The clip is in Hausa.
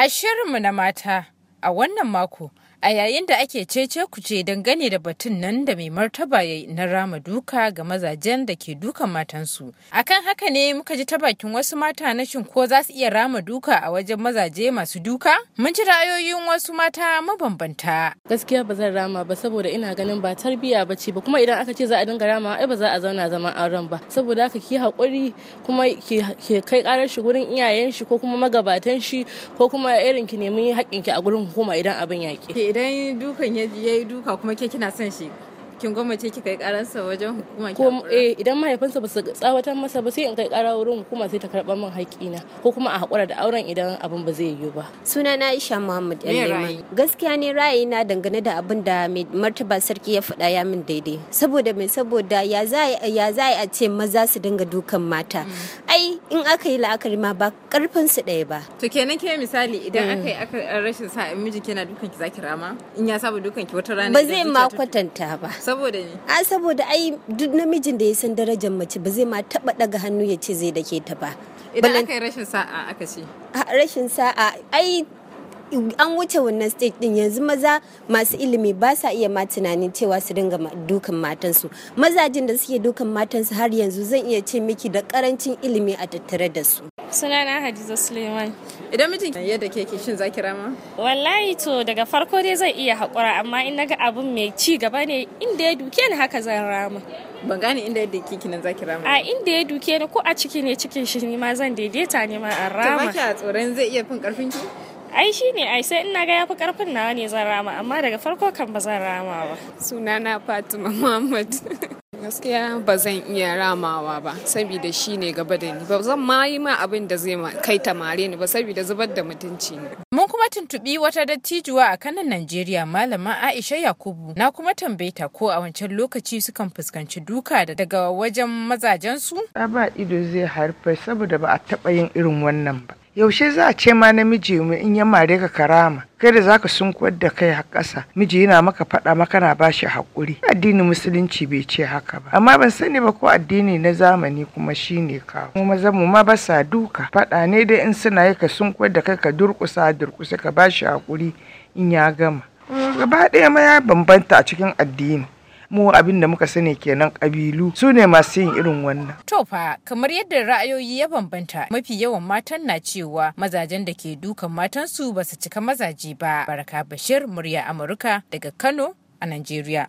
A shirinmu na mata a wannan mako a yayin da ake cece kuce dangane da batun nan da mai martaba ya na rama duka ga mazajen da ke dukan matansu akan haka ne muka ji ta bakin wasu mata na shin ko za su iya rama duka a wajen mazaje masu duka mun ji ra'ayoyin wasu mata mabambanta gaskiya ba zan rama ba saboda ina ganin ba tarbiya ba ce ba kuma idan aka ce za a dinga rama ai ba za a zauna zaman auren ba saboda haka ki hakuri kuma ki kai karar shi gurin iyayen shi ko kuma magabatan shi ko kuma irin ki nemi haƙƙin ki a gurin hukuma idan abin yaƙi idan dukan ya yi duka kuma ke kina son shi kin ce kika yi karansa wajen hukuma ko eh idan mahaifinsa ba su tsawatar masa ba sai in kai kara wurin hukuma sai ta karɓar min haƙƙina ko kuma a haƙura da auren idan abin ba zai yiwu ba suna na Aisha Muhammad Yalima gaskiya ne ra'ayi na dangane da abin da mai martaba sarki ya faɗa ya min daidai saboda mai saboda ya za ya za a ce maza su dinga dukan mata mm. ai in aka yi la'akari ma ba karfin su ɗaya ba. To kenan ke misali idan hmm. aka yi aka rashin sa miji kina dukan ki zaki rama in ya saba dukan ki wata rana ba zai ma kwatanta ba. Saboda ne? A saboda ai duk namijin da ya san darajar mace ba zai ma taba daga hannu ya ce zai dake ta ba. Idan aka yi rashin sa'a aka ce. Rashin sa'a ai an wuce wannan stage din yanzu maza masu ilimi ba sa iya ma tunanin cewa su dinga dukan matansu mazajin da suke dukan matansu har yanzu zan iya ce miki da karancin ilimi a tattare da su sunana hadiza suleiman idan mijin yadda ke shin za ki rama wallahi to daga farko dai zan iya haƙura amma in naga abun mai ci gaba ne inda ya duke ni haka zan rama ban gane inda yadda ke kinan zaki rama a inda ya duke ni ko a ciki ne cikin shi ne ma zan daidaita ne ma an rama to ba ki a tsoron zai iya fin karfin ki ai shi ne ai sai ina ga yafi karfin nawa ne zan rama amma daga farko kan ba zan rama ba sunana fatima muhammad gaskiya ba zan iya ramawa ba saboda shi ne gaba da ni ba zan ma yi ma abin da zai kai tamare ni ba saboda zubar da mutunci ne mun kuma tuntubi wata dattijuwa a kanan Najeriya malama Aisha Yakubu na kuma tambayeta ko a wancan lokaci sukan fuskanci duka daga wajen mazajensu ba ido zai harfe saboda ba a taba yin irin wannan ba yaushe za a ce ma namiji mu in ya mare ka karama Kada za ka sunkuwar da kai har ƙasa miji yana maka faɗa maka na shi haƙuri addinin musulunci bai ce haka ba amma ban sani ba ko addini na zamani kuma shine kawo mu maza mu ma ba sa duka faɗa ne dai in suna yi ka sunkuwar da kai ka durƙusa durƙusa ka ba shi haƙuri in ya gama gaba ɗaya ma ya bambanta a cikin addini mu abin da muka sani kenan kabilu su ne masu yin irin wannan to fa kamar yadda ra'ayoyi ya bambanta mafi yawan matan na cewa mazajen da ke dukan matansu ba su cika mazaje ba baraka bashir murya amurka daga kano a najeriya